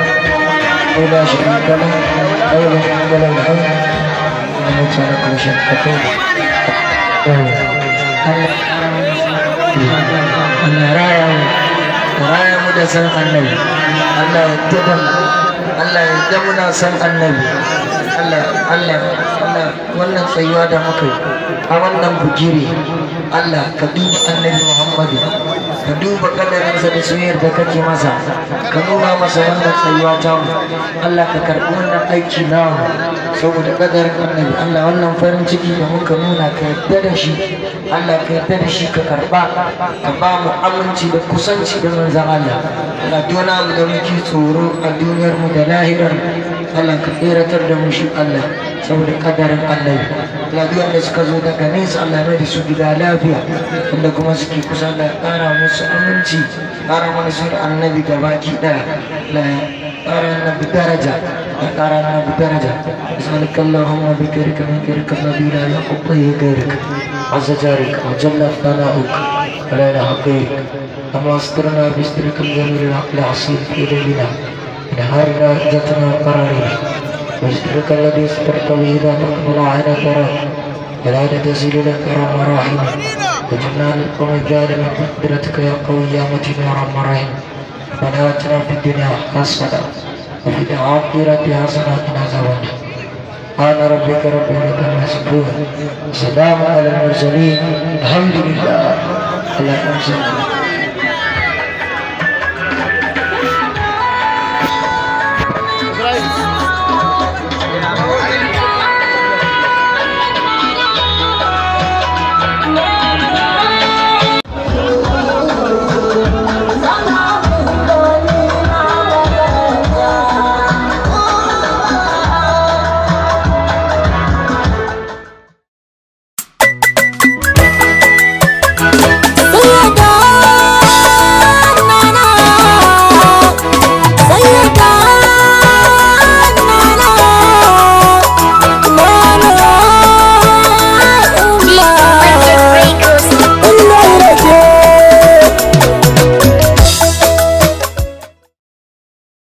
لا كل شيء raya mu ku raya mu da san annabi Allah ya tada Allah ya da muna san annabi Allah wannan tsayuwa da muka a wannan bugire Allah ka duba annabi Muhammadu ka duba kadarinsa da soyayyar da kake masa ka nuna masa wannan tsayuwa ta mu Allah ka karɓi wannan aiki nawa saboda ƙadarin annabi Allah wannan farin ciki da muka nuna ka yarda da shi Allah ka yarda da shi ka karɓa ka ba mu aminci da kusanci da manzan Allah Allah dona mu da muke tsoro a duniyar mu da lahirar Allah ka tseratar da mu shi Allah saboda ƙadarin annabi Allah duk wanda suka zo daga nesa Allah mai da su gida lafiya wanda kuma suke kusa da ƙara musu aminci ƙara mana su da annabi gabaki ɗaya اكرمنا بدرجة اكرمنا بدرجة اسألك اللهم بكرك منكرك الذي لا يقضيه غيرك عز جارك وجل ثناؤك ولا اله غيرك اللهم استرنا بسترك الجميل العصيب في ليلنا نهارنا عزتنا وقرارنا واسترك الذي استرت به اذا تقبل عنا تراك ولا تزل لك رب رحيم وجعلنا للقوم الظالمين بقدرتك يا قوي يا متين يا رب رحيم ربنا اتنا في الدنيا حسنه وفي الآخرة حسنة عذاب سبحان ربك رب العزة عما يصفون سلام على المرسلين الحمد لله على المرسلين